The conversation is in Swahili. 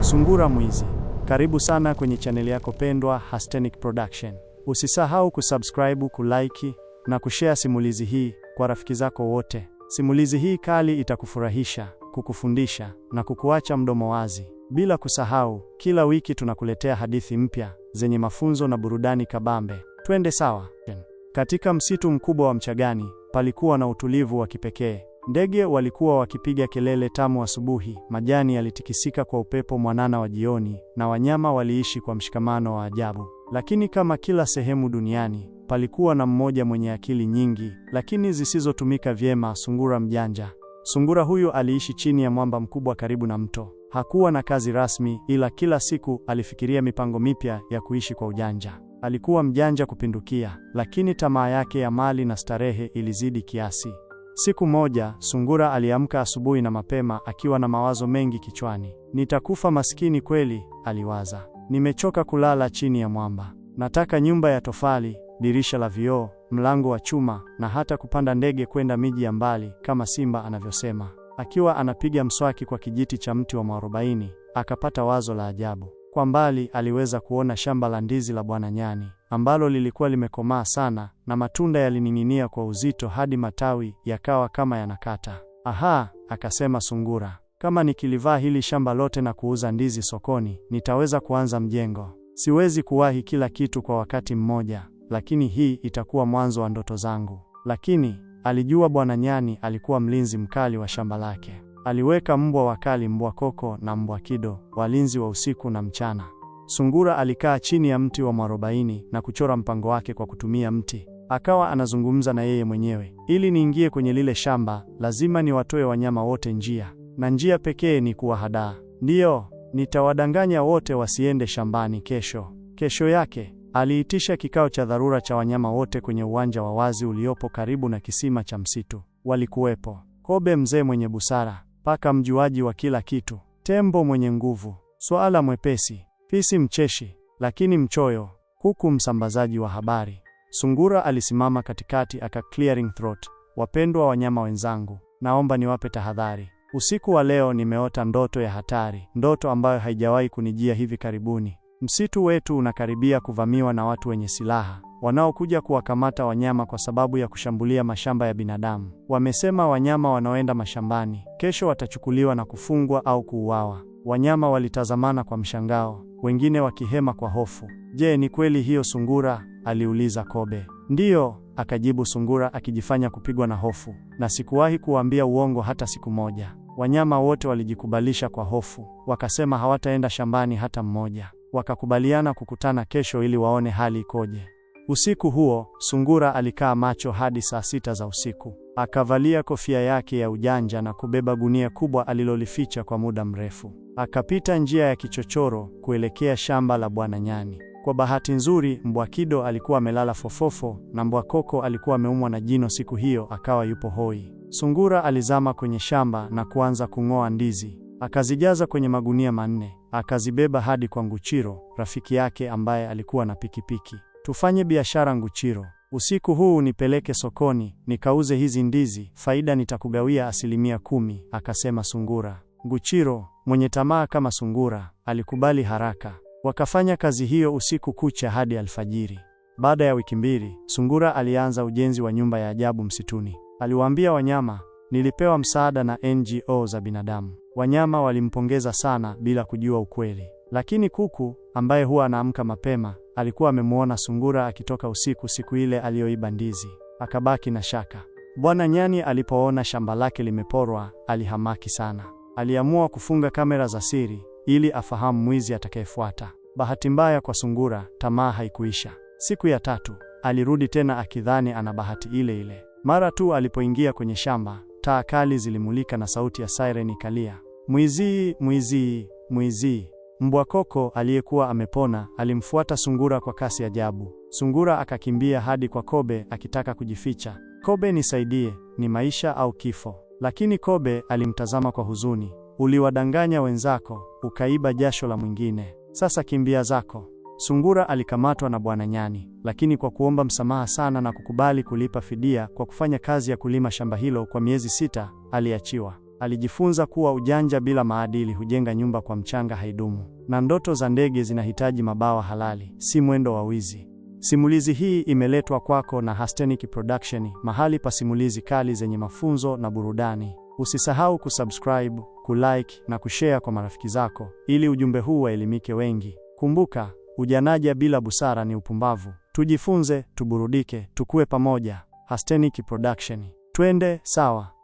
Sungura mwizi, karibu sana kwenye chaneli yako pendwa Hastenic Production. Usisahau kusubscribe, kulike na kushare simulizi hii kwa rafiki zako wote. Simulizi hii kali itakufurahisha, kukufundisha na kukuacha mdomo wazi. Bila kusahau, kila wiki tunakuletea hadithi mpya zenye mafunzo na burudani kabambe. Twende sawa. Katika msitu mkubwa wa Mchagani palikuwa na utulivu wa kipekee. Ndege walikuwa wakipiga kelele tamu asubuhi, majani yalitikisika kwa upepo mwanana wa jioni, na wanyama waliishi kwa mshikamano wa ajabu. Lakini kama kila sehemu duniani, palikuwa na mmoja mwenye akili nyingi, lakini zisizotumika vyema, sungura mjanja. Sungura huyo aliishi chini ya mwamba mkubwa karibu na mto. Hakuwa na kazi rasmi, ila kila siku alifikiria mipango mipya ya kuishi kwa ujanja. Alikuwa mjanja kupindukia, lakini tamaa yake ya mali na starehe ilizidi kiasi. Siku moja Sungura aliamka asubuhi na mapema akiwa na mawazo mengi kichwani. Nitakufa maskini kweli, aliwaza. Nimechoka kulala chini ya mwamba. Nataka nyumba ya tofali, dirisha la vioo, mlango wa chuma na hata kupanda ndege kwenda miji ya mbali kama simba anavyosema. Akiwa anapiga mswaki kwa kijiti cha mti wa mwarobaini, akapata wazo la ajabu. Kwa mbali aliweza kuona shamba la ndizi la Bwana Nyani ambalo lilikuwa limekomaa sana na matunda yalining'inia kwa uzito hadi matawi yakawa kama yanakata. Aha, akasema sungura, kama nikilivaa hili shamba lote na kuuza ndizi sokoni, nitaweza kuanza mjengo. Siwezi kuwahi kila kitu kwa wakati mmoja, lakini hii itakuwa mwanzo wa ndoto zangu. Lakini alijua Bwana Nyani alikuwa mlinzi mkali wa shamba lake. Aliweka mbwa wakali, mbwa Koko na mbwa Kido, walinzi wa usiku na mchana. Sungura alikaa chini ya mti wa mwarobaini na kuchora mpango wake kwa kutumia mti. Akawa anazungumza na yeye mwenyewe, ili niingie kwenye lile shamba lazima niwatoe wanyama wote njia, na njia pekee ni kuwahadaa. Ndiyo, nitawadanganya wote wasiende shambani kesho. Kesho yake aliitisha kikao cha dharura cha wanyama wote kwenye uwanja wa wazi uliopo karibu na kisima cha msitu. Walikuwepo kobe, mzee mwenye busara, paka mjuaji wa kila kitu, tembo mwenye nguvu, swala mwepesi Fisi mcheshi lakini mchoyo, kuku msambazaji wa habari. Sungura alisimama katikati aka clearing throat. Wapendwa wanyama wenzangu, naomba niwape tahadhari. Usiku wa leo nimeota ndoto ya hatari, ndoto ambayo haijawahi kunijia hivi karibuni. Msitu wetu unakaribia kuvamiwa na watu wenye silaha wanaokuja kuwakamata wanyama kwa sababu ya kushambulia mashamba ya binadamu. Wamesema wanyama wanaoenda mashambani kesho watachukuliwa na kufungwa au kuuawa. Wanyama walitazamana kwa mshangao wengine wakihema kwa hofu. Je, ni kweli hiyo sungura? aliuliza Kobe. Ndiyo, akajibu sungura akijifanya kupigwa na hofu, na sikuwahi kuambia uongo hata siku moja. Wanyama wote walijikubalisha kwa hofu, wakasema hawataenda shambani hata mmoja. Wakakubaliana kukutana kesho ili waone hali ikoje. Usiku huo, Sungura alikaa macho hadi saa sita za usiku. Akavalia kofia yake ya ujanja na kubeba gunia kubwa alilolificha kwa muda mrefu. Akapita njia ya kichochoro kuelekea shamba la Bwana Nyani. Kwa bahati nzuri, Mbwa Kido alikuwa amelala fofofo na Mbwa Koko alikuwa ameumwa na jino siku hiyo, akawa yupo hoi. Sungura alizama kwenye shamba na kuanza kung'oa ndizi. Akazijaza kwenye magunia manne, akazibeba hadi kwa Nguchiro, rafiki yake ambaye alikuwa na pikipiki. Tufanye biashara Nguchiro, usiku huu nipeleke sokoni nikauze hizi ndizi, faida nitakugawia asilimia kumi, akasema Sungura. Nguchiro mwenye tamaa kama Sungura alikubali haraka. Wakafanya kazi hiyo usiku kucha hadi alfajiri. Baada ya wiki mbili, Sungura alianza ujenzi wa nyumba ya ajabu msituni. Aliwaambia wanyama, nilipewa msaada na NGO za binadamu. Wanyama walimpongeza sana bila kujua ukweli. Lakini kuku ambaye huwa anaamka mapema alikuwa amemwona sungura akitoka usiku siku ile aliyoiba ndizi, akabaki na shaka. Bwana nyani alipoona shamba lake limeporwa, alihamaki sana. Aliamua kufunga kamera za siri ili afahamu mwizi atakayefuata. Bahati mbaya kwa sungura, tamaa haikuisha. Siku ya tatu alirudi tena akidhani ana bahati ile ile. Mara tu alipoingia kwenye shamba, taa kali zilimulika na sauti ya siren ikalia, mwizi, mwizi, mwizi. Mbwa Koko aliyekuwa amepona alimfuata Sungura kwa kasi ajabu. Sungura akakimbia hadi kwa Kobe akitaka kujificha. Kobe, nisaidie, ni maisha au kifo. Lakini Kobe alimtazama kwa huzuni. Uliwadanganya wenzako, ukaiba jasho la mwingine. Sasa kimbia zako. Sungura alikamatwa na Bwana Nyani, lakini kwa kuomba msamaha sana na kukubali kulipa fidia kwa kufanya kazi ya kulima shamba hilo kwa miezi sita, aliachiwa. Alijifunza kuwa ujanja bila maadili hujenga nyumba kwa mchanga haidumu, na ndoto za ndege zinahitaji mabawa halali, si mwendo wa wizi. Simulizi hii imeletwa kwako na Hastenic Production, mahali pa simulizi kali zenye mafunzo na burudani. Usisahau kusubscribe, kulike na kushare kwa marafiki zako ili ujumbe huu waelimike wengi. Kumbuka, ujanaja bila busara ni upumbavu. Tujifunze, tuburudike, tukue pamoja. Hastenic Production, twende sawa.